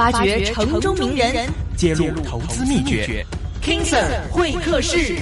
挖掘城中名人，揭露投資秘訣。King Sir 會客室。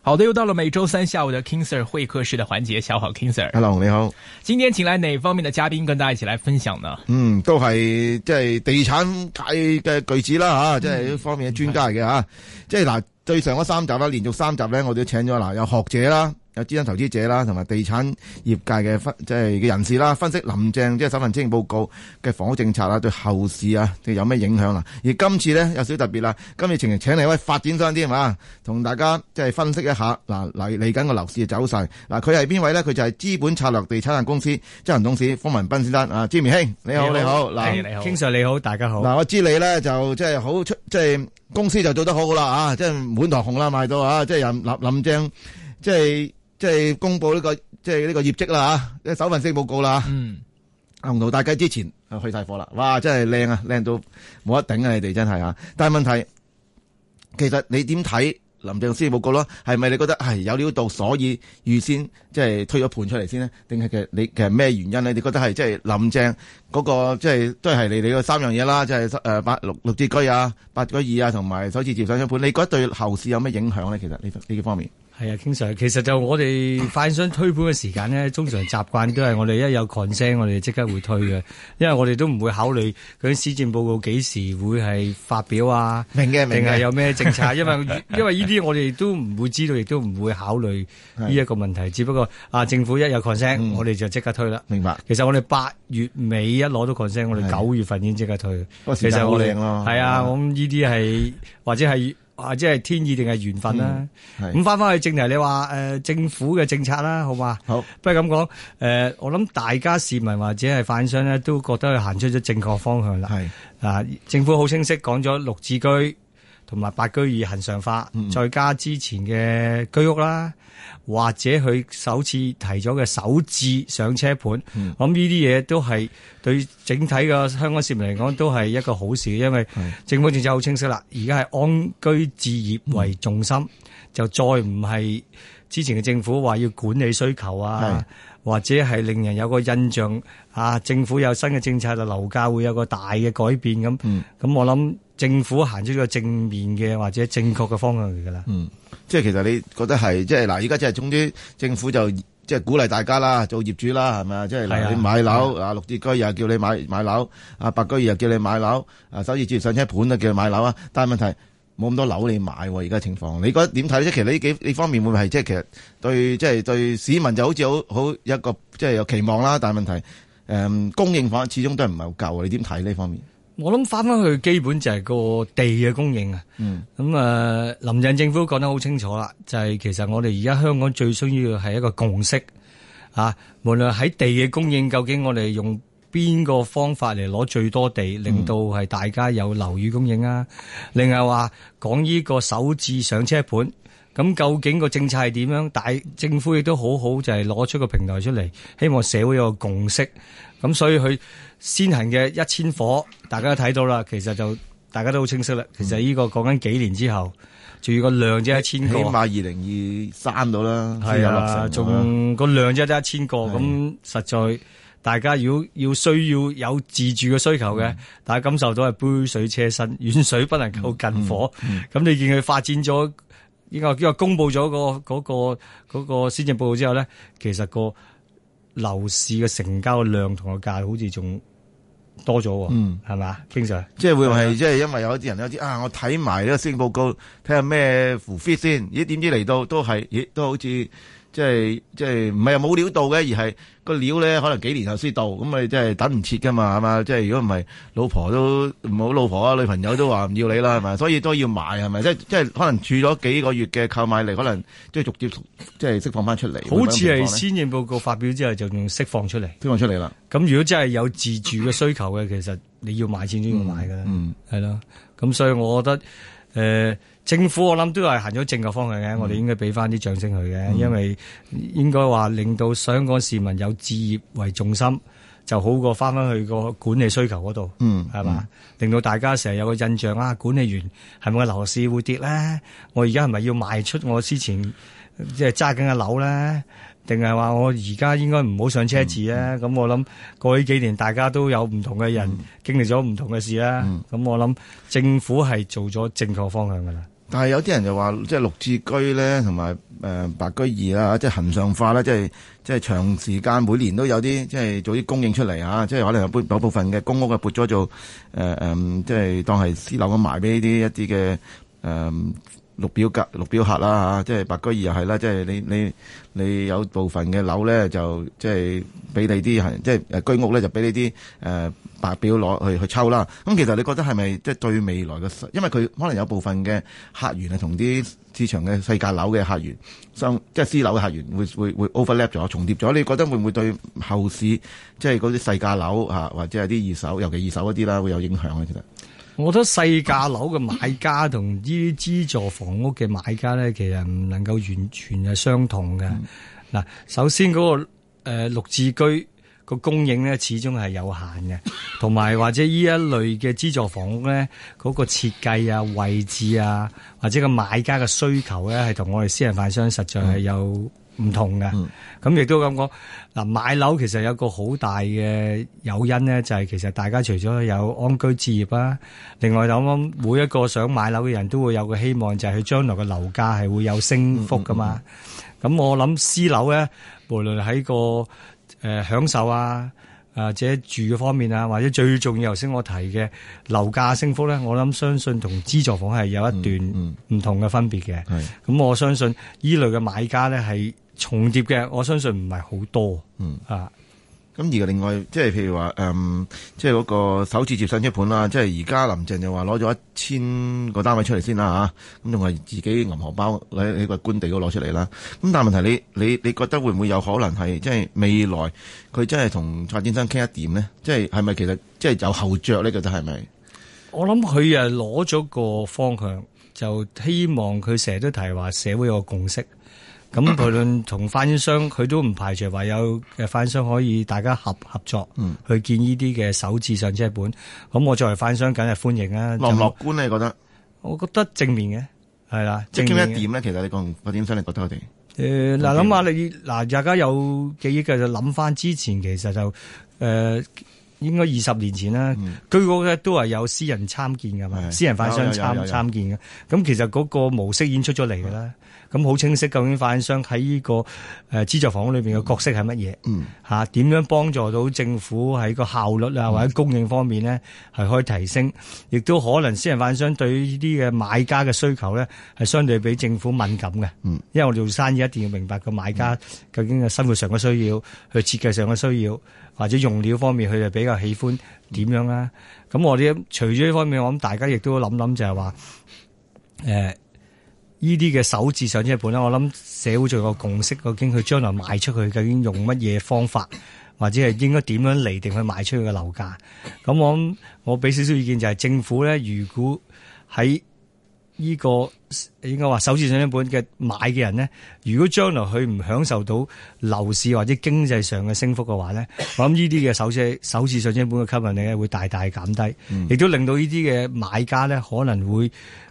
好的，又到了每周三下午的 King Sir 會客室的環節。小好，King Sir。Hello，你好。今天請來哪方面的嘉賓跟大家一起來分享呢？嗯，都係即係地產界嘅巨子啦，吓，即係呢方面嘅專家嚟嘅吓。即係嗱，最上嗰三集啦，連續三集咧，我哋都請咗嗱，有學者啦。有資深投資者啦，同埋地產業界嘅分即係嘅人士啦，分析林鄭即係首份施政報告嘅房屋政策啊，對後市啊，即係有咩影響啦？而今次呢，有少特別啦，今日請嚟請嚟一位發展商添啊，同大家即係分析一下嗱，嚟嚟緊個樓市嘅走勢。嗱，佢係邊位呢？佢就係資本策略地產有限公司執行董事方文彬先生啊，朱明興你好你好。嗱，King Sir 你好大家好。嗱，我知你呢，就即係好出即係、就是、公司就做得好嘅啦啊，即、就、係、是、滿堂紅啦買到啊，即係林林林鄭即係。就是即係公布呢、這個即係呢個業績啦吓，即係首份施政報告啦。嗯，紅牛大街之前、啊、去晒貨啦，哇，真係靚啊，靚到冇得頂啊！你哋真係啊，但係問題其實你點睇林鄭施政報告咯？係咪你覺得係有料到，所以預先即係、就是、推咗盤出嚟先呢？定係其實你其實咩原因呢你覺得係即係林鄭嗰、那個即係、就是、都係你哋三樣嘢啦，即係誒八六綠置居啊，白居二啊，同埋首次接手新盤。你覺得對後市有咩影響咧？其實呢呢方面。係啊，經常其實就我哋快相推盤嘅時間呢，通常習慣都係我哋一有 concern，我哋即刻會推嘅，因為我哋都唔會考慮嗰啲施政報告幾時會係發表啊，明嘅，定係有咩政策，因為 因為呢啲我哋都唔會知道，亦都唔會考慮呢一個問題。的只不過啊，政府一有 concern，嗯、我哋就即刻推啦。明白。其實我哋八月尾一攞到 concern，我哋九月份已經即刻推。的其實我係啊，我咁呢啲係或者係。啊！即係天意定係緣分啦。咁返返去正題，你話誒、呃、政府嘅政策啦，好嘛？好，不如咁講。誒、呃，我諗大家市民或者係反商呢，都覺得佢行出咗正確方向啦。係啊，政府好清晰講咗六字居。同埋白居二恒常化，再加之前嘅居屋啦，或者佢首次提咗嘅首置上車盤，嗯、我諗呢啲嘢都係對整體嘅香港市民嚟講都係一個好事，因為政府政策好清晰啦。而家係安居置業為重心，嗯、就再唔係之前嘅政府話要管理需求啊，是或者係令人有個印象啊，政府有新嘅政策就樓價會有個大嘅改變，咁。咁、嗯、我諗。政府行出個正面嘅，或者正確嘅方向嚟噶啦，嗯，即係其實你覺得係即係嗱，而家即係，總之政府就即係鼓勵大家啦，做業主啦，係咪啊？即係嗱，你買樓啊，綠置居又叫你買買樓，啊，白居二又叫你買樓，啊，首次置業上車盤都叫你買樓啊，但係問題冇咁多樓你買，而家情況，你覺得點睇即其實呢幾呢方面會唔會係即係其實對即係、就是、對市民就好似好好一個即係、就是、有期望啦，但係問題誒、嗯，供應房始終都係唔係好夠你點睇呢方面？我諗翻翻去，基本就係個地嘅供應啊。咁啊、嗯嗯，林鄭政府講得好清楚啦，就係、是、其實我哋而家香港最需要嘅係一個共識啊。無論喺地嘅供應，究竟我哋用邊個方法嚟攞最多地，令到係大家有樓宇供應啊。另外話講呢個首置上車盤。咁究竟個政策係點樣？大政府亦都好好，就係、是、攞出個平台出嚟，希望社會有個共識。咁所以佢先行嘅一千伙，大家都睇到啦。其實就大家都好清晰啦。嗯、其實呢、這個講緊幾年之後，仲要個量就一千個，起碼二零二三到啦，係啊，仲、那個量就得一千個咁，的實在大家要要需要有自住嘅需求嘅，嗯、大家感受到係杯水車薪，遠水不能夠救近火。咁、嗯嗯嗯、你見佢發展咗。依個依個公布咗個嗰個嗰個施政報告之後咧，其實個樓市嘅成交量同個價好似仲多咗喎，係咪、嗯？King Sir 即係會唔係即係因為有啲人有啲啊，我睇埋呢個施政報告，睇下咩符合先？咦？點知嚟到都係咦？都好似～即係即係唔係冇料到嘅，而係個料咧可能幾年後先到，咁咪即係等唔切噶嘛，係嘛？即係如果唔係，老婆都唔好，老婆啊女朋友都話唔要你啦，係咪？所以都要買係咪？即即係可能住咗幾個月嘅購買力，可能漸、就是、即係逐漸即係釋放翻出嚟。好似係先驗報告發表之後就仲釋放出嚟，釋放出嚟啦。咁如果真係有自住嘅需求嘅，其實你要買先都要買噶啦、嗯。嗯，係咯。咁所以我覺得誒。呃政府我諗都係行咗正確方向嘅，嗯、我哋應該俾翻啲掌聲佢嘅，嗯、因為應該話令到香港市民有置業為重心，就好過翻翻去個管理需求嗰度，係嘛、嗯？令到大家成日有個印象啊，管理員係咪個樓市會跌咧？我而家係咪要賣出我之前即係揸緊嘅樓咧？定係話我而家應該唔好上車次咧？咁、嗯、我諗過去幾年大家都有唔同嘅人、嗯、經歷咗唔同嘅事啦、啊，咁、嗯、我諗政府係做咗正確方向噶啦。但係有啲人就話，即係綠置居咧，同埋誒白居二啊，即係恆常化啦。即係即係長時間每年都有啲即係做啲供應出嚟嚇、啊，即係可能有部分嘅公屋啊撥咗做誒誒、呃嗯，即係當係私樓咁賣俾呢啲一啲嘅誒。嗯綠表，格綠表客綠表客啦，即係白居二又係啦，即係你你你有部分嘅樓咧就即係俾你啲即係居屋咧就俾你啲誒白表攞去去抽啦。咁其實你覺得係咪即係對未來嘅，因為佢可能有部分嘅客源係同啲市場嘅細價樓嘅客源相，即係私樓嘅客源會會會 overlap 咗重疊咗。你覺得會唔會對後市即係嗰啲細價樓或者係啲二手，尤其二手嗰啲啦，會有影響其實？我覺得細價樓嘅買家同呢啲資助房屋嘅買家咧，其實唔能夠完全係相同嘅。嗱，首先嗰個誒六字居個供應咧，始終係有限嘅，同埋或者呢一類嘅資助房屋咧，嗰個設計啊、位置啊，或者個買家嘅需求咧，係同我哋私人飯商實在係有。唔同嘅，咁亦都咁講。嗱，買樓其實有個好大嘅誘因咧，就係其實大家除咗有安居置業啊，另外諗諗，每一個想買樓嘅人都會有個希望，就係佢將來嘅樓價係會有升幅噶嘛。咁我諗私樓咧，無論喺個誒享受啊，誒或者住嘅方面啊，或者最重要頭先我提嘅樓價升幅咧，我諗相信同資助房係有一段唔同嘅分別嘅。咁我相信呢類嘅買家咧係重疊嘅，我相信唔係好多。嗯咁而另外，即係譬如話，嗯，即係嗰個首次接上車盤啦，即係而家林鄭就話攞咗一千個單位出嚟先啦，吓，咁仲係自己銀行包喺個個官地都攞出嚟啦。咁但係問題你，你你你覺得會唔會有可能係，即係未來佢真係同蔡先生傾一點呢？即係係咪其實即係有後著呢？覺得係咪？我諗佢啊，攞咗個方向，就希望佢成日都提話社會個共識。咁無論同翻商，佢都唔排除話有誒翻商可以大家合合作，嗯、去建呢啲嘅首置上車、就是、盤。咁我作為翻商，梗係歡迎啦。樂唔樂觀就你覺得？我覺得正面嘅，係啦。正面即係一點咧？其實你講，我點想你覺得我哋？誒、呃，嗱諗下你嗱，大家有記憶嘅諗翻之前，其實就誒、呃，應該二十年前啦，居屋咧都係有私人參建噶嘛，是私人翻商參參建嘅。咁其實嗰個模式演出咗嚟嘅啦。嗯咁好清晰，究竟發展商喺呢個誒資助房屋裏邊嘅角色係乜嘢？嗯，嚇點樣幫助到政府喺個效率啊，或者供應方面呢？係、嗯、可以提升，亦都可能私人發展商對於呢啲嘅買家嘅需求呢，係相對比政府敏感嘅。嗯，因為我哋做生意一定要明白個買家究竟嘅生活上嘅需要，佢、嗯、設計上嘅需要，或者用料方面佢哋比較喜歡點樣啦。咁、嗯、我哋除咗呢方面，我諗大家亦都諗諗就係話誒呢啲嘅首置上車盤咧，我諗社會做個共識，究竟佢將來賣出去，究竟用乜嘢方法，或者係應該點樣嚟定去賣出去嘅樓價？咁我我俾少少意見就係、是、政府咧，如果喺呢、這個應該話首置上車盤嘅買嘅人呢，如果將來佢唔享受到樓市或者經濟上嘅升幅嘅話咧，我諗呢啲嘅首車首置上車盤嘅吸引力咧會大大減低，亦、嗯、都令到呢啲嘅買家咧可能會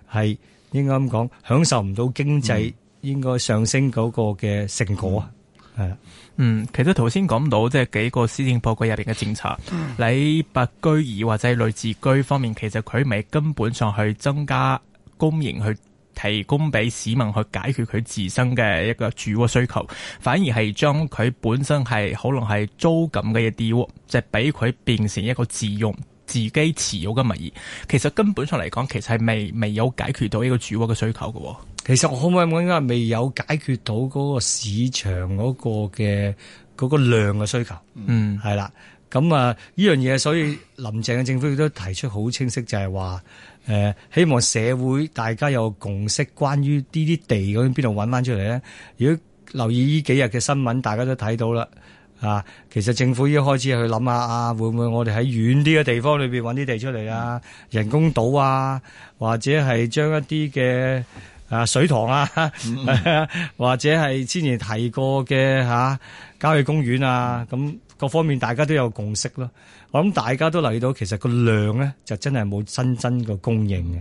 係。應該咁講，享受唔到經濟應該上升嗰個嘅成果啊，嗯，是嗯，其實頭先講到即係幾個施政報告入邊嘅政策，喺 白居二或者係類自居方面，其實佢唔係根本上去增加公營去提供俾市民去解決佢自身嘅一個住屋需求，反而係將佢本身係可能係租金嘅一啲，即係俾佢變成一個自用。自己持有嘅物業，其實根本上嚟講，其實係未未有解決到呢個住屋嘅需求嘅，哦。其實我可唔可以講，應該未有解決到嗰個市場嗰個嘅嗰、嗰個、量嘅需求。嗯係，係啦。咁啊，呢樣嘢，所以林鄭嘅政府亦都提出好清晰就係話，就係話，誒希望社會大家有共識，關於呢啲地揾翻出嚟呢啲地，咁邊度揾翻出嚟咧？如果留意呢幾日嘅新聞，大家都睇到啦。啊，其實政府已經開始去諗下啊，會唔會我哋喺遠啲嘅地方裏邊揾啲地出嚟啊？人工島啊，或者係將一啲嘅啊水塘啊，或者係之前提過嘅嚇郊野公園啊，咁各方面大家都有共識咯。我諗大家都留意到，其實個量咧就真係冇新增個供應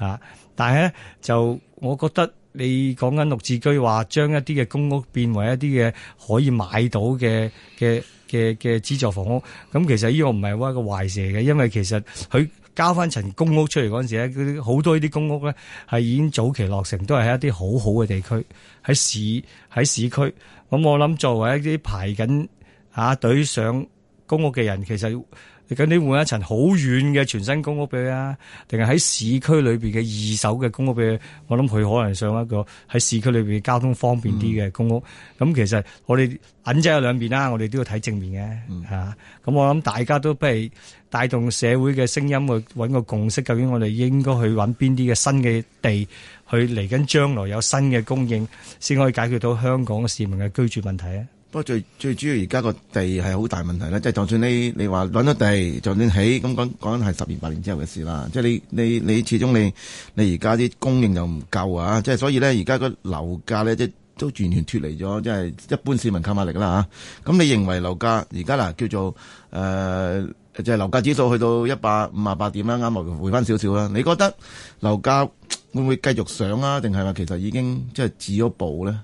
嘅啊，但係咧就我覺得。你講緊綠置居話，將一啲嘅公屋變為一啲嘅可以買到嘅嘅嘅嘅資助房屋，咁其實呢個唔係話一個壞事嚟嘅，因為其實佢交翻層公屋出嚟嗰陣時咧，啲好多呢啲公屋咧係已經早期落成，都係喺一啲好好嘅地區喺市喺市區。咁我諗作為一啲排緊啊隊上公屋嘅人，其實。你緊換一層好遠嘅全新公屋俾佢啊，定係喺市區裏面嘅二手嘅公屋俾佢？我諗佢可能想一個喺市區裏面交通方便啲嘅公屋。咁、嗯、其實我哋銀仔有兩邊啦，我哋都要睇正面嘅咁、嗯啊、我諗大家都不如帶動社會嘅聲音去揾個共識，究竟我哋應該去揾邊啲嘅新嘅地去嚟緊將來有新嘅供應，先可以解決到香港市民嘅居住問題啊！不過最最主要而家個地係好大問題咧，即係就算你你話揾到地，就算起，咁講講緊係十年八年之後嘅事啦。即係你你你始終你你而家啲供應又唔夠啊，即係所以咧，而家個樓價咧即係都完全脫離咗，即係一般市民購買力啦啊。咁你認為樓價而家嗱叫做誒，即係樓價指數去到一百五十八點啦，啱嚟回翻少少啦。你覺得樓價會唔會繼續上啊？定係話其實已經即係止咗步咧？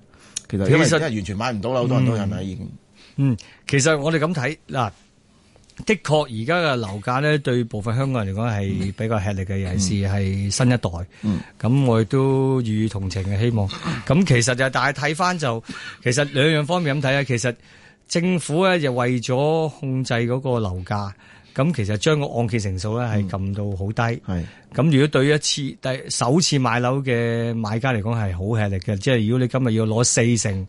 其實真係完全買唔到啦，好多人都係咪已經？嗯，其實我哋咁睇嗱，的確而家嘅樓價呢，對部分香港人嚟講係比較吃力嘅人士，係新一代。嗯，咁、嗯、我亦都與予予同情嘅希望。咁其實就係，但係睇翻就，其實兩樣方面咁睇啊。其實政府咧就為咗控制嗰個樓價。咁其實將個按揭成數咧係撳到好低，咁、嗯、如果對於一次第首次買樓嘅買家嚟講係好吃力嘅，即係如果你今日要攞四成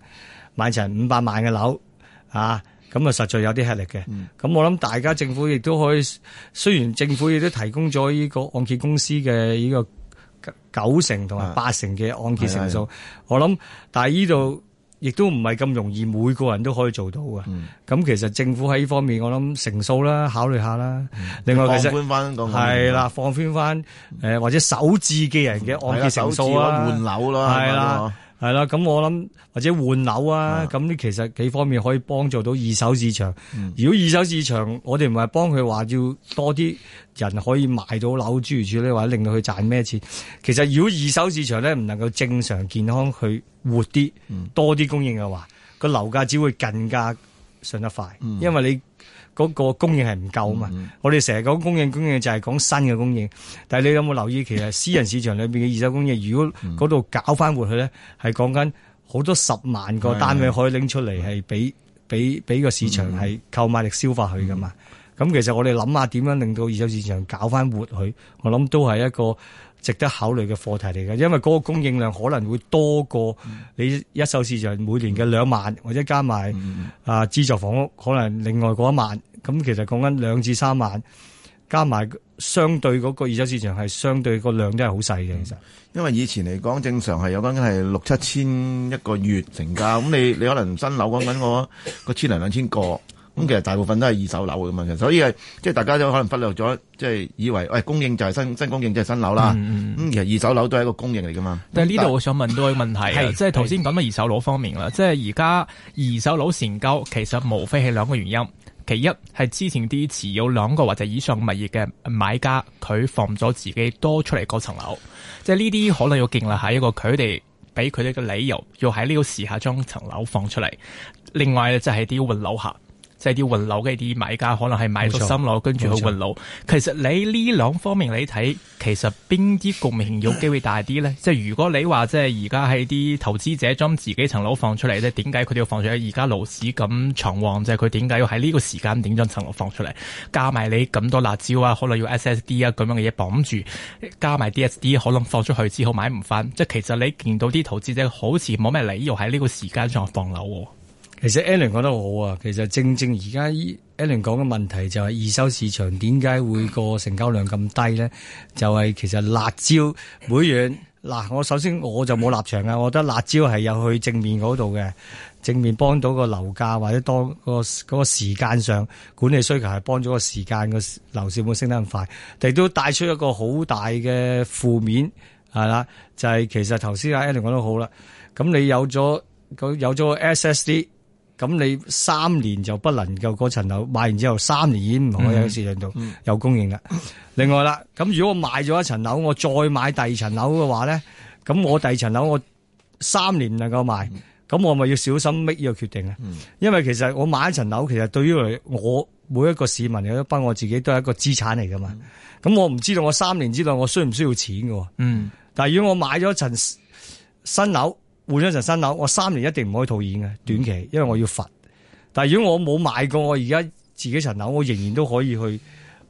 買成五百萬嘅樓，啊咁啊實在有啲吃力嘅。咁、嗯、我諗大家政府亦都可以，雖然政府亦都提供咗呢個按揭公司嘅呢個九成同埋八成嘅按揭成數，我諗但係依度，亦都唔係咁容易，每個人都可以做到嘅。咁、嗯、其實政府喺呢方面，我諗成數啦，考慮下啦。嗯、另外其實，放寬翻，係啦的，放寬翻誒，嗯、或者首置嘅人嘅按揭成數啦。換樓啦，係啦的。係啦，咁我諗或者換樓啊，咁呢的其實幾方面可以幫助到二手市場。嗯、如果二手市場，我哋唔係幫佢話要多啲人可以賣到樓，諸如此類，或者令到佢賺咩錢。其實如果二手市場呢，唔能夠正常健康去活啲，多啲供應嘅話，個樓價只會更加上得快，嗯、因為你。嗰個供應係唔夠嘛？嗯嗯，我哋成日講供應，供應就係講新嘅供應。但係你有冇留意，其實私人市場裏邊嘅二手供應，如果嗰度搞翻活去咧，係講緊好多十萬個單位可以拎出嚟，係俾俾俾個市場係購買力消化佢噶嘛？嗯嗯嗯嗯咁其實我哋諗下點樣令到二手市場搞翻活佢，我諗都係一個值得考慮嘅課題嚟嘅，因為嗰個供應量可能會多過你一手市場每年嘅兩萬，或者加埋啊資助房屋可能另外嗰一萬，咁其實講緊兩至三萬，加埋相對嗰個二手市場係相對個量都係好細嘅，其實、嗯。因為以前嚟講，正常係有間係六七千一個月成交，咁你你可能新樓講緊我個千零兩千個。咁其實大部分都係二手樓嘅咁樣，所以係即係大家都可能忽略咗，即係以為喂、哎、供應就係新新供應就係新樓啦。咁其實二手樓都係一個供應嚟嘅嘛。嗯、但係呢度我想問到個問題，係即係頭先講嘅二手樓方面啦，即係而家二手樓成交其實無非係兩個原因。其一係之前啲持有兩個或者以上物業嘅買家，佢放咗自己多出嚟嗰層樓，即係呢啲可能要建立一下一個佢哋俾佢哋嘅理由，要喺呢個時下將層樓放出嚟。另外咧就係啲換樓客。低啲揾樓嘅啲買家，可能係買到心樓，跟住去揾樓。其實你呢兩方面你睇，其實邊啲共鳴有機會大啲咧？ 即係如果你話即係而家喺啲投資者將自己層樓放出嚟咧，點解佢哋要放出去？而家樓市咁暢旺，就係佢點解要喺呢個時間點將層樓放出嚟？加埋你咁多辣椒啊，可能要 SSD 啊咁樣嘅嘢綁住，加埋 DSD，可能放出去之後買唔翻。即係其實你見到啲投資者好似冇咩理由喺呢個時間上放樓。其實 Ellen 講得好啊。其實正正而家 Ellen 講嘅問題就係二手市場點解會個成交量咁低咧？就係其實辣招會員嗱，我首先我就冇立場啊。我覺得辣招係有去正面嗰度嘅，正面幫到個樓價或者當個嗰個時間上管理需求係幫咗個時間個樓市冇升得咁快，但都帶出一個好大嘅負面係啦。就係其實頭先阿 Ellen 講得好啦，咁你有咗有咗 SSD。咁你三年就不能夠嗰層樓買完之後三年已經唔可以喺市場度有供應啦。另外啦，咁如果我買咗一層樓，我再買第二層樓嘅話咧，咁我第二層樓我三年能夠賣，咁我咪要小心搣呢個決定咧。因為其實我買一層樓，其實對於我每一個市民包括我自己都係一個資產嚟噶嘛。咁我唔知道我三年之內我需唔需要錢噶。但係如果我買咗一層新樓。換咗一層新樓，我三年一定唔可以套現嘅，短期，因為我要罰。但係如果我冇買過，我而家自己層樓，我仍然都可以去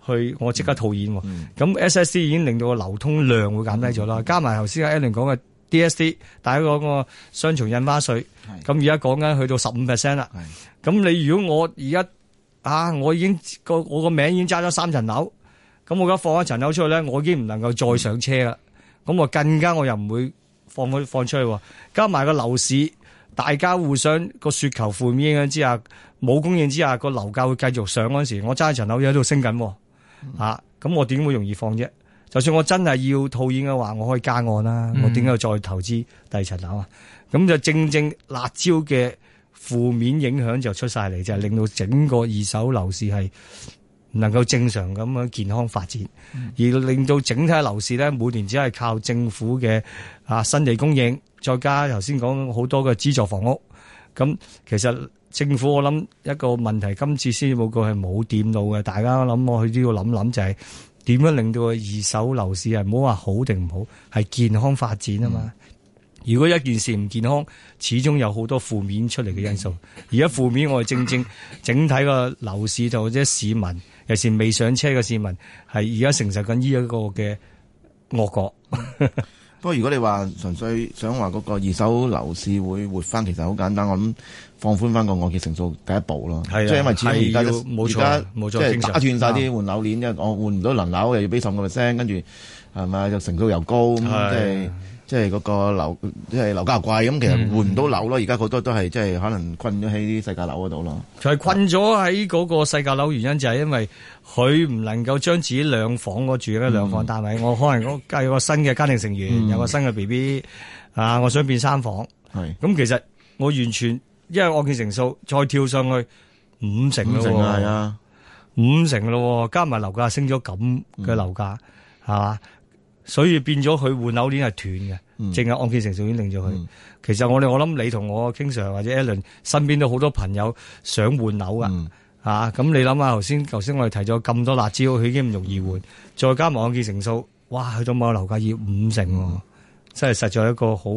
去，我即刻套現。咁 S、嗯嗯、S D 已經令到個流通量會減低咗啦，嗯、加埋頭先阿 Alan 講嘅 D S D，大家講個雙重印花稅，咁而家講緊去到十五 percent 啦。咁是你如果我而家啊，我已經個我個名已經揸咗三層樓，咁我而家放咗層樓出去咧，我已經唔能夠再上車啦。咁、嗯、我更加我又唔會。放放出去，加埋個樓市，大家互相個雪球負面影響之下，冇供應之下，個樓價會繼續上嗰陣時，我揸一層樓又喺度升緊，吓咁、嗯啊、我點會容易放啫？就算我真係要套現嘅話，我可以加按啦，嗯、我點解要再投資第二層樓啊？咁就正正辣椒嘅負面影響就出晒嚟，就係、是、令到整個二手樓市係能夠正常咁樣健康發展，嗯、而令到整體嘅樓市咧，每年只係靠政府嘅。啊，新地供應，再加頭先講好多嘅資助房屋，咁其實政府我諗一個問題，今次先至報告係冇掂到嘅，大家諗我去都要諗諗、就是，就係點樣令到個二手樓市係唔好話好定唔好，係健康發展啊嘛？嗯、如果一件事唔健康，始終有好多負面出嚟嘅因素。而家負面，我哋正正整體個樓市就或者市民，尤其未上車嘅市民，係而家承受緊呢一個嘅惡果。呵呵不過如果你話純粹想話嗰個二手樓市會活翻，其實好簡單，我諗放寬翻個按揭成數第一步咯。係啊，即係因為而家而家即係打斷晒啲換樓鏈，因為我換唔到輪樓又要俾十個 percent，跟住係咪啊，又成數又高，即係。即係嗰個樓，即係樓價貴咁，其實換唔到樓咯。而家好多都係即係可能困咗喺啲世界樓嗰度咯，就係困咗喺嗰個世界樓，原因就係因為佢唔能夠將自己兩房嗰住嘅兩房單位，嗯、但我可能我計個新嘅家庭成員，嗯、有個新嘅 B B 啊，我想變三房。係是。咁其實我完全，因為我見成數再跳上去五成咯，五成係啊，啊五成咯，加埋樓價升咗咁嘅樓價，係嘛、嗯？所以變咗佢換樓鏈係斷嘅，淨係按揭成數已經令咗佢。嗯、其實我哋我諗你同我 King Sir 或者 Allen 身邊都好多朋友想換樓㗎。咁、嗯啊、你諗下頭先，頭先我哋提咗咁多辣招，佢已經唔容易換，嗯、再加埋按揭成數，哇，去到某個樓價要五成喎、啊，真係、嗯、實在一個好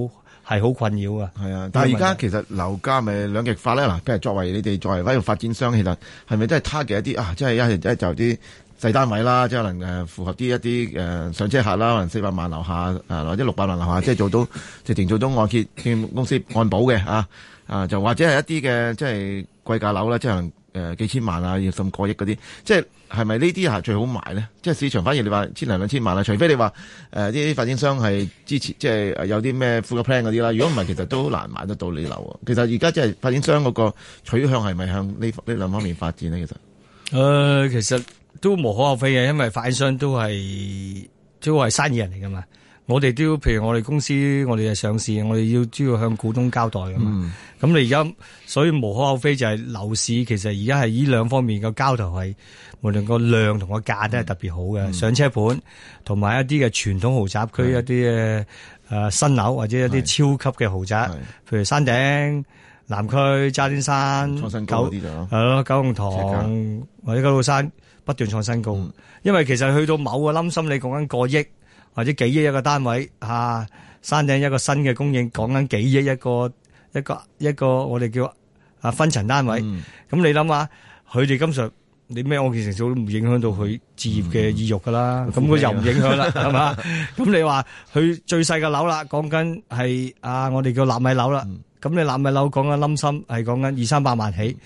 係好困擾啊！啊，但係而家其實樓價咪兩極化咧嗱，譬如作為你哋作為一個發展商，其實係咪都係 target 一啲啊，即、就、係、是、一啲？一就啲。細單位啦，即係可能誒符合啲一啲誒上車客啦，可能四百萬樓下，誒或者六百萬樓下，即係做到直情做到按揭公司按保嘅啊，啊就或者係一啲嘅即係貴價樓啦，即係誒、呃、幾千萬啊，要甚至過億嗰啲，即係係咪呢啲嚇最好買呢？即係市場反而你話千零兩千萬啦，除非你話呢啲發展商係支持，即係有啲咩副嘅 plan 嗰啲啦。如果唔係，其實都難買得到你樓喎。其實而家即係發展商嗰個取向係咪向呢呢兩方面發展呢？其實、呃、其實。都無可厚非嘅，因為發展商都係都係生意人嚟噶嘛。我哋都譬如我哋公司，我哋係上市，我哋要主要向股東交代噶嘛。咁、嗯、你而家所以無可厚非就係樓市，其實而家係呢兩方面個交投係無論個量同個價都係特別好嘅。嗯、上車盤同埋一啲嘅傳統豪宅區的一啲嘅誒新樓或者一啲超級嘅豪宅，譬如山頂、南區、渣甸山、創新高啊、啲係咯、九龍塘家或者九龍山。不斷創新高，因為其實去到某個冧心，你講緊過億或者幾億一個單位，吓山頂一個新嘅供應，講緊幾億一個一個一個我哋叫啊分層單位，咁你諗下，佢哋今時你咩按揭成數都唔影響到佢置業嘅意欲噶啦，咁佢又唔影響啦，係嘛？咁你話佢最細嘅樓啦，講緊係啊我哋叫納米樓啦，咁你納米樓講緊冧心係講緊二三百萬起。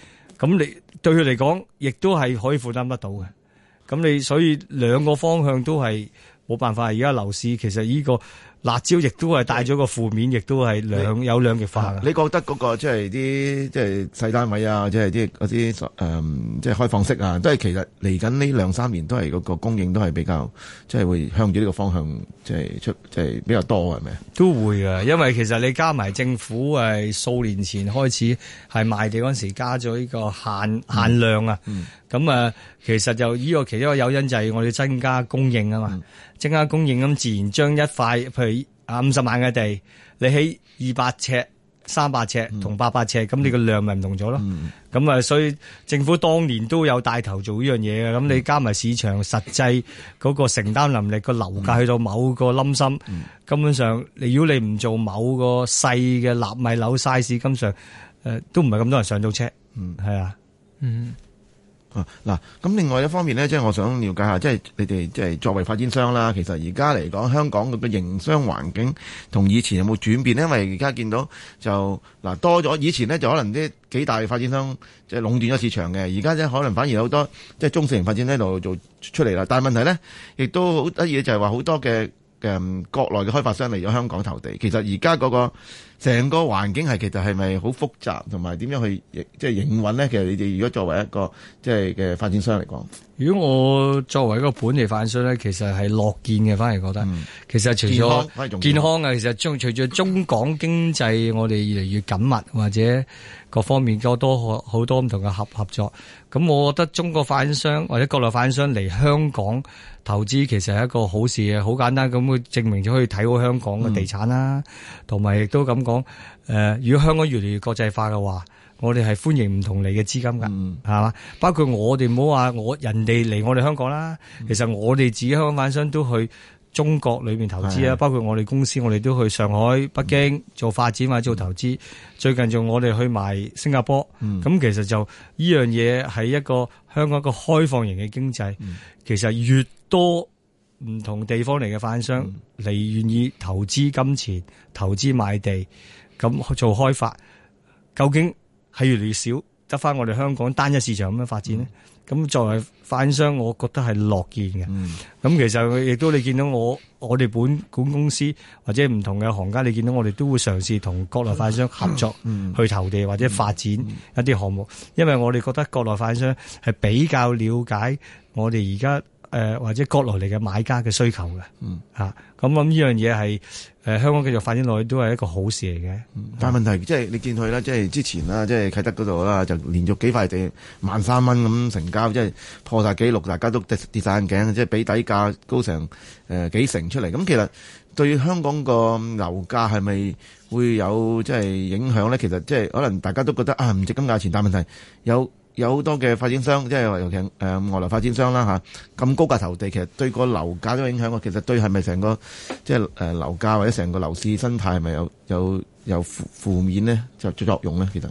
咁你對佢嚟講，亦都係可以負擔得到嘅。咁你所以兩個方向都係冇辦法。而家樓市其實呢個。辣椒亦都係帶咗個負面，亦都係兩你有兩極化啊。你覺得嗰個即係啲即係細單位啊，即係啲嗰啲誒，即、嗯、係、就是、開放式啊，都係其實嚟緊呢兩三年都係嗰個供應都係比較即係、就是、會向住呢個方向，即、就、係、是、出即係、就是、比較多係咪？都會噶，因為其實你加埋政府係數年前開始係賣地嗰陣時加咗呢個限、嗯、限量啊。嗯咁啊，其實就呢個其中一個原因就係我哋增加供應啊嘛，嗯、增加供應咁自然將一塊，譬如啊五十萬嘅地，你起二百尺、三百尺同八百尺，咁你個量咪唔同咗咯。咁啊，所以政府當年都有帶頭做呢樣嘢嘅。咁、嗯、你加埋市場實際嗰個承擔能力個樓價去到某個冧心，嗯、根本上如果你唔做某個細嘅納米樓 size，根本上誒、呃、都唔係咁多人上到車。嗯，係啊的，嗯。嗱，咁、啊、另外一方面呢，即、就、係、是、我想了解下，即、就、係、是、你哋即係作為發展商啦，其實而家嚟講，香港嘅營商環境同以前有冇轉變呢？因為而家見到就嗱、啊、多咗，以前呢，就可能啲幾大發展商即係壟斷咗市場嘅，而家即係可能反而好多即係、就是、中小型發展呢度做出嚟啦。但係問題呢，亦都好得意嘅就係話好多嘅誒、嗯、國內嘅開發商嚟咗香港投地，其實而家嗰個。成個環境係其實係咪好複雜同埋點樣去即係營運咧？其實你哋如果作為一個即係嘅發展商嚟講，如果我作為一個本地發展商咧，其實係樂見嘅，反而覺得其實除咗健康嘅，其實隨住中港經濟我哋越嚟越緊密，或者各方面多多好好多唔同嘅合合作。咁我覺得中國發展商或者國內發展商嚟香港投資其實係一個好事嘅。好簡單咁，證明咗可以睇好香港嘅地產啦，同埋、嗯、亦都咁講。講誒，如果香港越嚟越國際化嘅話，我哋係歡迎唔同嚟嘅資金㗎，係嘛，嗯？包括我哋唔好話我人哋嚟我哋香港啦，嗯、其實我哋自己香港翻商，都去中國裏邊投資啊，的包括我哋公司，我哋都去上海、北京做發展或者、嗯、做投資。最近仲我哋去埋新加坡，咁、嗯、其實就呢樣嘢係一個香港一個開放型嘅經濟，嗯、其實越多。唔同地方嚟嘅販商嚟，願、嗯、意投資金錢投資買地，咁做開發究竟係越嚟越少，得翻我哋香港單一市場咁樣發展咧？咁、嗯、作為販商，我覺得係樂見嘅。咁、嗯、其實亦都你見到我，我哋本本公司或者唔同嘅行家，你見到我哋都會嘗試同國內販商合作去投地、嗯、或者發展一啲項目，嗯嗯、因為我哋覺得國內販商係比較了解我哋而家。誒、呃、或者國內嚟嘅買家嘅需求嘅，嗯嚇，咁咁呢樣嘢係誒香港繼續發展落去都係一個好事嚟嘅。嗯嗯、但係問題即係、就是、你見佢啦，即、就、係、是、之前啦，即係啟德嗰度啦，就連續幾塊地萬三蚊咁成交，即、就、係、是、破晒紀錄，大家都跌跌晒眼鏡，即、就、係、是、比底價高成誒、呃、幾成出嚟。咁其實對香港個樓價係咪會有即係、就是、影響咧？其實即係可能大家都覺得啊唔值咁價錢，但問問題有。有好多嘅發展商，即係尤其誒外來發展商啦吓，咁高價投地，其實對個樓價都有影響。其實對係咪成個即係誒樓價或者成個樓市生態係咪有有有負負面呢，就作用呢？其實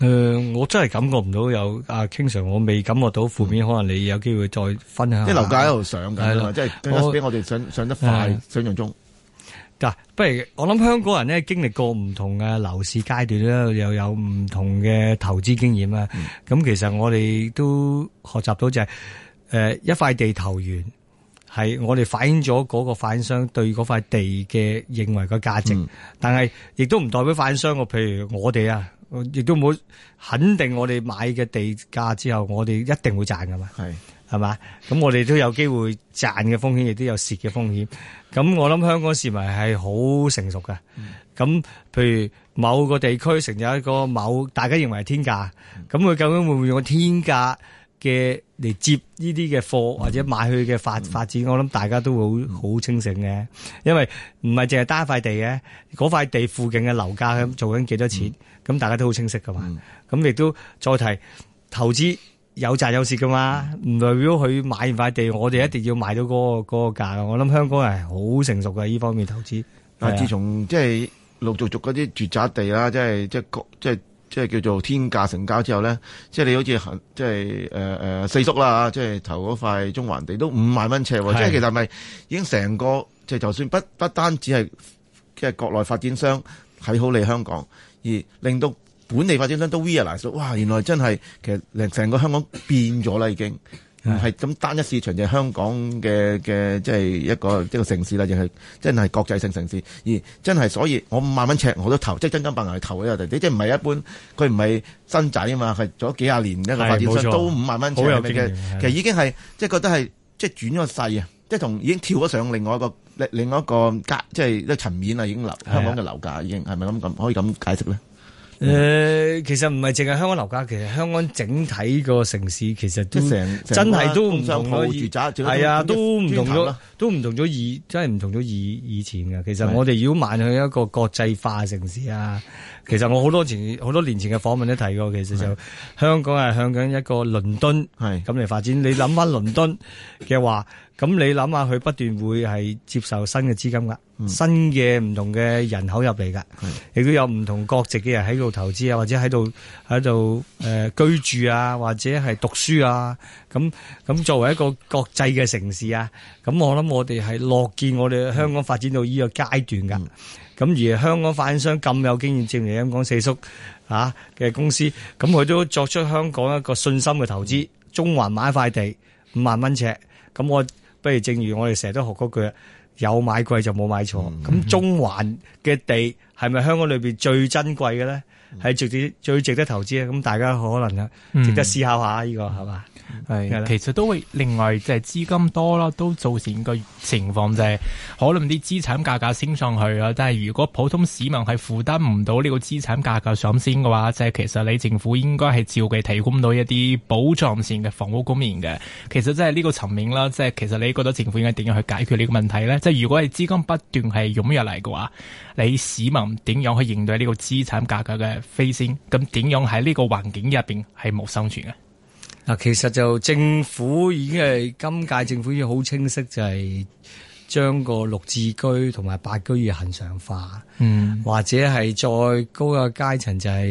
誒，我真係感覺唔到有啊。King Sir，我未感覺到負面，可能你有機會再分享下。即係樓價喺度上緊，即係的比我哋想上，我上得快，的想象中。嗱，不如我諗香港人咧經歷過唔同嘅樓市階段啦，又有唔同嘅投資經驗啦。咁、嗯、其實我哋都學習到就係、是，誒一塊地投完係我哋反映咗嗰個發展商對嗰塊地嘅認為個價值，嗯、但係亦都唔代表發展商譬如我哋啊，亦都冇肯定我哋買嘅地價之後，我哋一定會賺噶嘛。係嘛？咁我哋都有機會賺嘅風險，亦都有蝕嘅風險。咁我諗香港市民係好成熟噶。咁譬如某個地區成有一個某大家認為係天價，咁佢究竟會唔會用天價嘅嚟接呢啲嘅貨，或者買去嘅發發展？我諗大家都會好清醒嘅，因為唔係淨係單一塊地嘅，嗰塊地附近嘅樓價咁做緊幾多錢？咁大家都好清晰噶嘛。咁亦都再提投資。有賺有蝕噶嘛？唔代表佢買完塊地，我哋一定要買到嗰、那個那個價。個價。我諗香港人好成熟嘅呢方面投資。但係、啊是啊、自從即係陸陸續續嗰啲住宅地啦，即係即係即係即係叫做天價成交之後咧，即係你好似即係誒誒四叔啦，即係投嗰塊中環地都五萬蚊尺喎。是的 即係其實咪、就是、已經成個即係，就算不不單止係即係國內發展商睇好你香港，而令到。本地發展商都 realize 嚟，所以哇，原來真係其實成個香港變咗啦，已經唔係咁單一市場，就係、香港嘅嘅即係一個一個城市啦，亦係真係國際性城市。而真係，所以我五萬蚊尺我都投，即係真金白銀去投喺入頭即係唔係一般，佢唔係新仔啊嘛，係做咗幾廿年一個發展商，都五萬蚊尺嘅，其實已經係即係覺得係即係轉咗勢啊！即係同已經跳咗上另外一個另外一個即係呢個層面啊，已經樓香港嘅樓價是的 已經係咪咁咁可以咁解釋咧？誒、嗯呃，其實唔係淨係香港樓價，其實香港整體個城市其實都成真係都唔同，都住宅係啊，都唔同咗，都唔同咗以真係唔同咗以以前嘅。其實我哋如果邁向一個國際化城市啊，的其實我好多前好多年前嘅訪問都提過，其實就的香港係向緊一個倫敦係咁嚟發展。你諗翻倫敦嘅話，咁 你諗下佢不斷會係接受新嘅資金噶。新嘅唔同嘅人口入嚟㗎，亦都有唔同國籍嘅人喺度投資啊，或者喺度喺度誒居住啊，或者係讀書啊。咁咁作為一個國際嘅城市啊，咁我諗我哋係樂見我哋香港發展到呢個階段㗎。咁而香港發展商咁有經驗，正如啱講香港四叔吓嘅公司，咁佢都作出香港一個信心嘅投資。中環買一塊地五萬蚊尺，咁我不如正如我哋成日都學嗰句。有買貴就冇買錯，咁中環嘅地。係咪香港裏邊最珍貴嘅咧？係值、嗯、最值得投資咧？咁大家可能啊，值得思考下呢個係嘛？係，其實都會另外即係資金多啦，都造成一個情況就係、是、可能啲資產價格升上去，但係如果普通市民係負擔唔到呢個資產價格上升嘅話，就係、是、其實你政府應該係照佢提供到一啲保障性嘅房屋供應嘅。其實即係呢個層面啦，即、就、係、是、其實你覺得政府應該點樣去解決呢個問題咧？即、就、係、是、如果係資金不斷係湧入嚟嘅話，你市民。咁點樣去應對呢個資產價格嘅飛升？咁點樣喺呢個環境入邊係冇生存嘅？嗱，其實就政府已經係今屆政府已經好清晰，就係將個六字居同埋白居嘅恒常化，嗯，或者係再高嘅階層就係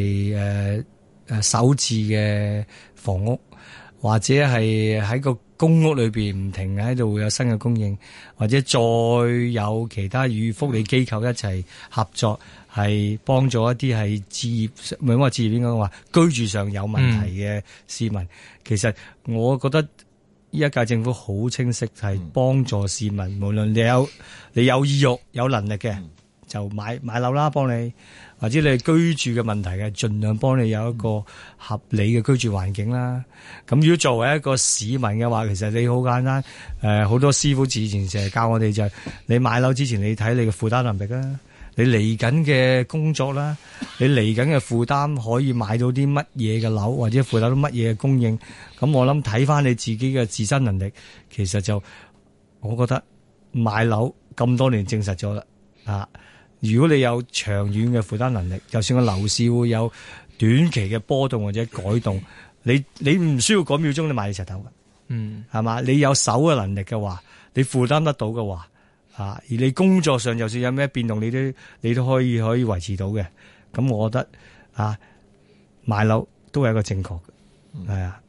誒誒首置嘅房屋，或者係喺個。公屋裏邊唔停喺度會有新嘅供應，或者再有其他與福利機構一齊合作，係幫助一啲係置業唔係話置業，應該話居住上有問題嘅市民。嗯、其實我覺得呢一屆政府好清晰，係幫助市民，嗯、無論你有你有意欲有能力嘅。嗯就買買樓啦，幫你，或者你居住嘅問題嘅，盡量幫你有一個合理嘅居住環境啦。咁如果作為一個市民嘅話，其實你好簡單。誒、呃，好多師傅之前成日教我哋就係、是，你買樓之前你睇你嘅負擔能力啦，你嚟緊嘅工作啦，你嚟緊嘅負擔可以買到啲乜嘢嘅樓，或者負到乜嘢嘅供應。咁我諗睇翻你自己嘅自身能力，其實就我覺得買樓咁多年證實咗啦，啊！如果你有長遠嘅負擔能力，就算個樓市會有短期嘅波動或者改動，你你唔需要嗰秒鐘你買你石頭，嗯，係嘛？你有手嘅能力嘅話，你負擔得到嘅話，啊，而你工作上就算有咩變動，你都你都可以可以維持到嘅。咁我覺得啊，買樓都係一個正確嘅，嗯、係啊，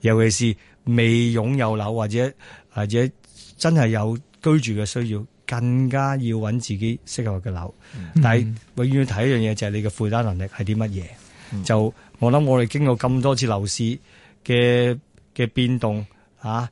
尤其是未擁有樓或者或者真係有居住嘅需要。更加要揾自己適合嘅樓，嗯、但係永遠要睇一樣嘢，就係、是、你嘅負擔能力係啲乜嘢。嗯、就我諗，我哋經過咁多次樓市嘅嘅變動啊，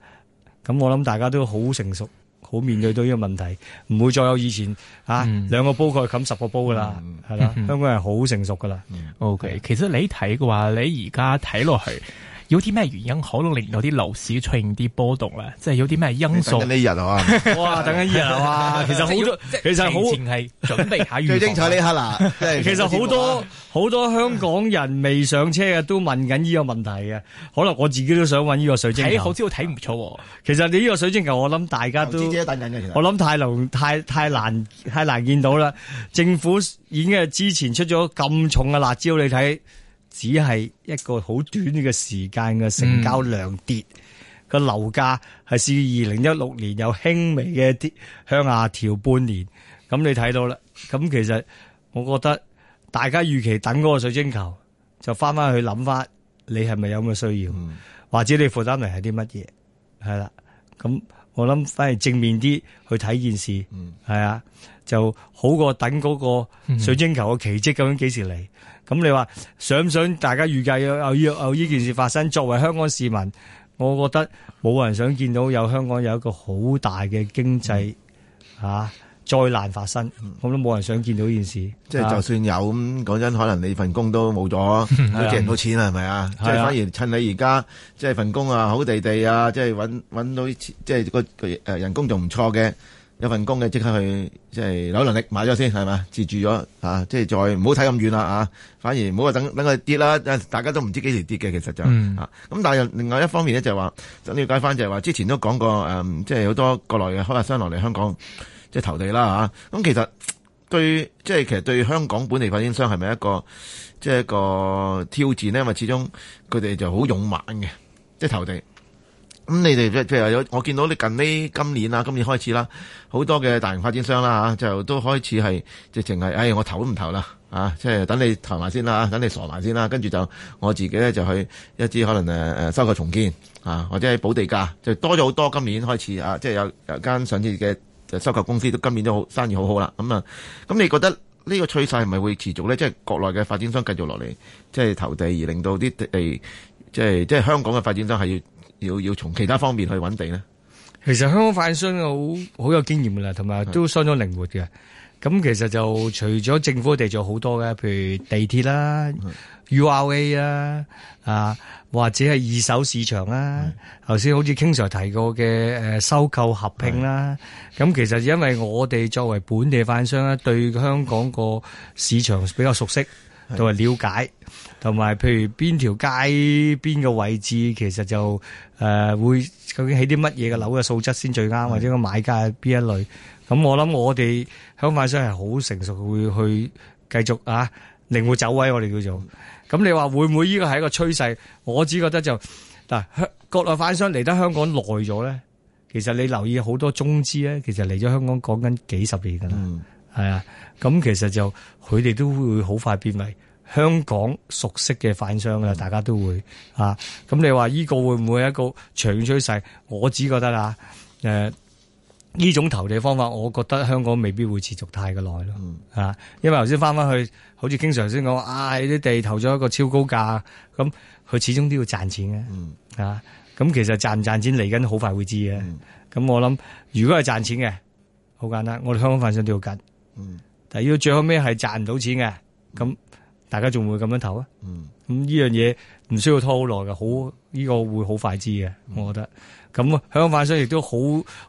咁我諗大家都好成熟，好面對到呢個問題，唔、嗯、會再有以前啊、嗯、兩個煲蓋冚十個煲噶啦，係啦，香港人好成熟噶啦、嗯。OK，吧其實你睇嘅話，你而家睇落去。 有啲咩原因可能令到啲樓市出現啲波動咧？即係有啲咩因素？等緊呢日啊！哇，等緊呢日哇！其實好多，其實好，係準備下預。最精彩呢刻啦！其實好多好多香港人未上車嘅都問緊呢個問題嘅。可能我自己都想揾呢個水晶球。好似我睇唔錯。其實你呢個水晶球，我諗大家都我諗太濃太太難太難見到啦。政府已經係之前出咗咁重嘅辣椒，你睇。只係一個好短嘅時間嘅成交量跌，個樓價係似二零一六年有輕微嘅啲向下調半年，咁你睇到啦。咁其實我覺得大家預期等嗰個水晶球，就翻翻去諗翻你係咪有咁嘅需要，或者你負擔嚟係啲乜嘢，係啦，咁。我諗反而正面啲去睇件事，係、嗯、啊，就好過等嗰個水晶球嘅奇蹟究竟幾時嚟？咁你話想唔想大家預計有有有呢件事發生？作為香港市民，我覺得冇人想見到有香港有一個好大嘅經濟再難發生，我都冇人想見到呢件事。即係就，就算有咁，講真，可能你份工都冇咗， 都借唔到錢啦，係咪啊？即係反而趁你而家，即係份工啊，好地地啊，即係搵搵到，即係個誒人工仲唔錯嘅，有份工嘅，即刻去即係有能力買咗先，係嘛？自住咗啊，即係再唔好睇咁遠啦啊！反而唔好等等佢跌啦，大家都唔知幾時跌嘅，其實就咁、嗯啊、但係另外一方面呢、嗯，就話你了解翻，就係話之前都講過誒，即係好多國內嘅開發商落嚟香港。即係投地啦，吓咁，其實對，即係其實對香港本地發展商係咪一個即係一個挑戰呢？因為始終佢哋就好勇猛嘅，即係投地咁。你哋即係有我見到你近呢今年啊，今年開始啦，好多嘅大型發展商啦吓就都開始係直情係誒，我投都唔投啦啊，即係等你投埋先啦，等你傻埋先啦，跟住就我自己咧就去一啲可能收購重建啊，或者係補地價，就多咗好多。今年開始啊，即係有有間上次嘅。就收購公司都今年都好生意好好啦，咁、嗯、啊，咁你覺得呢個趨勢係咪會持續咧？即係國內嘅發展商繼續落嚟，即係投地，而令到啲地、呃、即係即係香港嘅發展商係要要要從其他方面去揾地咧？其實香港發展商好好有經驗噶啦，同埋都相當靈活嘅。咁是的 其實就除咗政府地仲有好多嘅，譬如地鐵啦、是的 URA 啊啊。或者係二手市場啦，頭先是好似 King Sir 提過嘅收購合併啦，咁是其實因為我哋作為本地發展商咧，對香港個市場比較熟悉同埋了解，同埋是譬如邊條街邊個位置，其實就誒、呃、會究竟起啲乜嘢嘅樓嘅素質先最啱，是或者個買家係邊一類，咁我諗我哋香港發展商係好成熟，會去繼續啊靈活走位，我哋叫做。咁你話會唔會呢個係一個趨勢？我只覺得就嗱，香國內反商嚟得香港耐咗咧，其實你留意好多中資咧，其實嚟咗香港講緊幾十年噶啦，係啊、嗯，咁其實就佢哋都會好快變為香港熟悉嘅反商噶啦，大家都會、嗯、啊。咁你話呢個會唔會係一個長遠趨勢？我只覺得啦誒。呃呢種投地方法，我覺得香港未必會持續太嘅耐咯，啊，嗯、因為頭先翻翻去，好似 King Sir 先講，啊、哎，啲地投咗一個超高價，咁佢始終都要賺錢嘅，啊，咁其實賺唔賺錢嚟緊好快會知嘅，咁、嗯、我諗如果係賺錢嘅，好簡單，我哋香港上都要緊，嗯、但係要最後尾係賺唔到錢嘅，咁、嗯、大家仲會咁樣投啊？咁呢、嗯、樣嘢唔需要拖好耐嘅，好呢、這個會好快知嘅，我覺得。咁啊，香港發展亦都好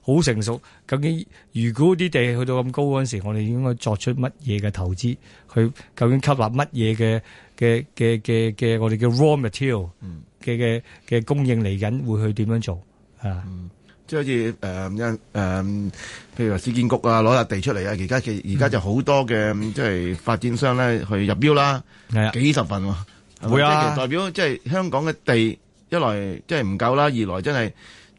好成熟。究竟如果啲地去到咁高嗰陣時，我哋應該作出乜嘢嘅投資？佢究竟吸納乜嘢嘅嘅嘅嘅嘅我哋嘅 raw material 嘅嘅嘅供應嚟緊，會去點樣做啊？嗯，即係好似誒誒，譬如話市建局啊，攞笪地出嚟啊。而家其而家就好多嘅即係發展商咧去入標啦，係啊，幾十份喎，會啊，代表即係香港嘅地一來即係唔夠啦，二來真係。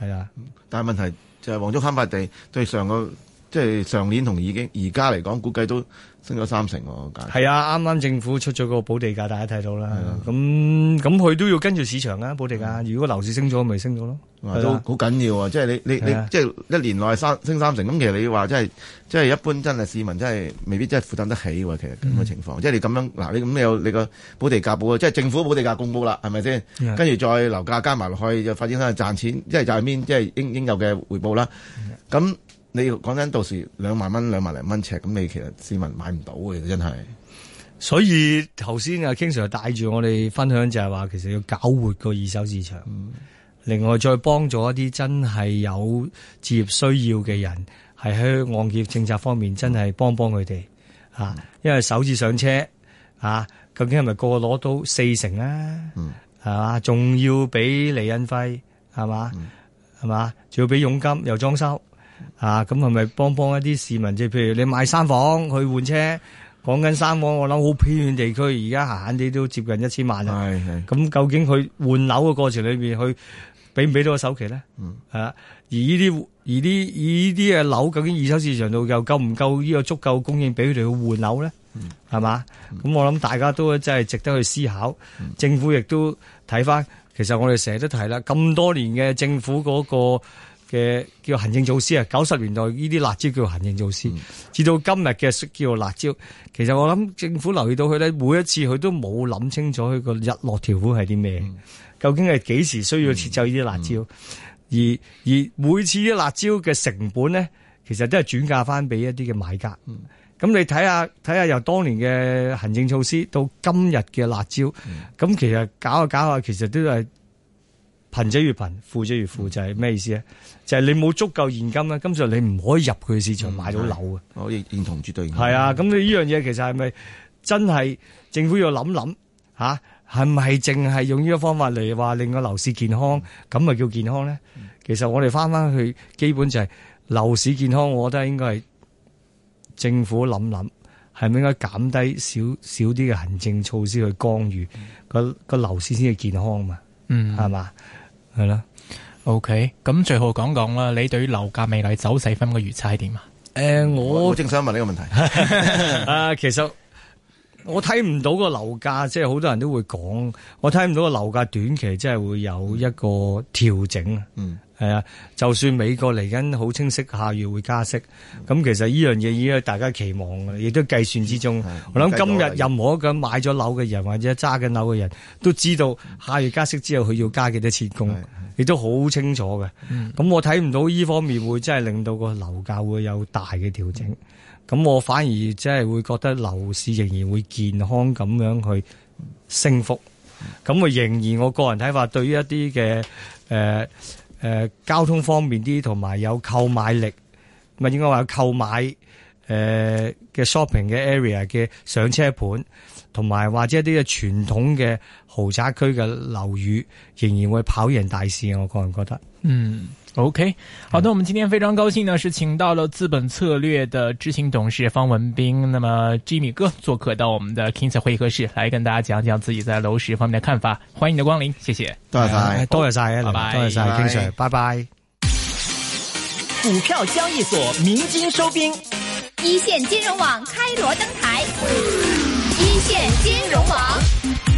係啊，但係問題就係黃竹坑塊地對上個。即係上年同已經而家嚟講，估計都升咗三成喎，係啊，啱啱政府出咗個補地價，大家睇到啦。咁咁佢都要跟住市場啊，補地價。啊、如果樓市升咗，咪升咗咯。啊、都好緊要啊！即係你你你，你啊、你即係一年內三升三成。咁其實你話即係即係一般，真係市民真係未必真係負擔得起喎、啊。其實咁嘅情況，嗯、即係你咁樣嗱，你咁有你個補地價補，即係政府補地價公佈啦，係咪先？跟住、啊、再樓價加埋落去，就發展去賺錢，即係就係面即係應有嘅回報啦。咁你講真，到時兩萬蚊、兩萬零蚊尺咁，你其實市民買唔到嘅，真係。所以頭先阿 King Sir 帶住我哋分享就係話，其實要搞活個二手市場。嗯、另外再幫助一啲真係有置業需要嘅人，係喺按揭政策方面真係幫幫佢哋啊。因為首次上車啊，究竟係咪個個攞到四成咧、啊？係嘛、嗯，仲、啊、要俾厘印費，係嘛，係嘛、嗯，仲要俾佣金又裝修。啊，咁係咪幫幫一啲市民即係？譬如你買三房去換車，講緊三房，我諗好偏遠地區，而家閒閒哋，都接近一千萬啦。係係，咁究竟佢換樓嘅過程裏邊，佢俾唔俾到個首期咧？嗯、啊，係而呢啲而啲呢啲嘅樓，究竟二手市場度又夠唔夠呢個足夠供應俾佢哋去換樓咧？嗯，係嘛。咁我諗大家都真係值得去思考。嗯、政府亦都睇翻，其實我哋成日都提啦，咁多年嘅政府嗰、嗰個。嘅叫行政措施啊，九十年代呢啲辣招叫行政措施，至到今日嘅叫做辣招。其實我諗政府留意到佢咧，每一次佢都冇諗清楚佢個日落條款係啲咩？嗯、究竟係幾時需要撤走呢啲辣招？嗯嗯、而而每次啲辣招嘅成本咧，其實都係轉嫁翻俾一啲嘅買家。咁、嗯、你睇下睇下由當年嘅行政措施到今日嘅辣招，咁、嗯、其實搞下搞下，其實都係。貧者越貧，富者越富，就係、是、咩意思咧？嗯、就係你冇足夠現金咧，咁就、嗯、你唔可以入佢市場買到樓嘅、嗯。我認認同，絕對認同。係啊，咁你呢樣嘢其實係咪真係政府要諗諗吓？係咪淨係用呢個方法嚟話令個樓市健康？咁咪、嗯、叫健康咧？嗯、其實我哋翻翻去，基本就係、是、樓市健康，我覺得應該係政府諗諗，係咪應該減低少少啲嘅行政措施去干預個個、嗯、樓市先至健康嘛？嗯，嗯吧，係嘛？係啦，OK，咁最後講講啦，你對於樓價未來走勢分嘅預測係點啊？誒、欸，我正想問呢個問題。啊，其實我睇唔到個樓價，即係好多人都會講，我睇唔到個樓價短期真係會有一個調整啊。嗯。係啊、嗯，就算美國嚟緊好清晰下月會加息，咁其實呢樣嘢已經係大家期望嘅，亦都計算之中。是我諗今日任何一個買咗樓嘅人或者揸緊樓嘅人都知道下月加息之後佢要加幾多次供，亦都好清楚嘅。咁、嗯、我睇唔到依方面會真係令到個樓價會有大嘅調整。咁我反而真係會覺得樓市仍然會健康咁樣去升幅。咁我仍然我個人睇法，對於一啲嘅誒。呃誒、呃，交通方便啲，同埋有購買力，唔係應該話有購買誒嘅、呃、shopping 嘅 area 嘅上車盤。同埋或者一啲嘅傳統嘅豪宅區嘅樓宇仍然會跑贏大市，我個人覺得。嗯，OK。好，咁我們今天非常高興呢，是請到了資本策略的執行董事方文斌，那麼 Jimmy 哥做客到我們的 King Sir 會議室，來跟大家講講自己在樓市方面的看法。歡迎你的光臨，謝謝。多謝晒，多謝晒，多謝晒 King Sir 拜拜。股票交易所明金收兵，一線金融網開鑼登台。一線金融王。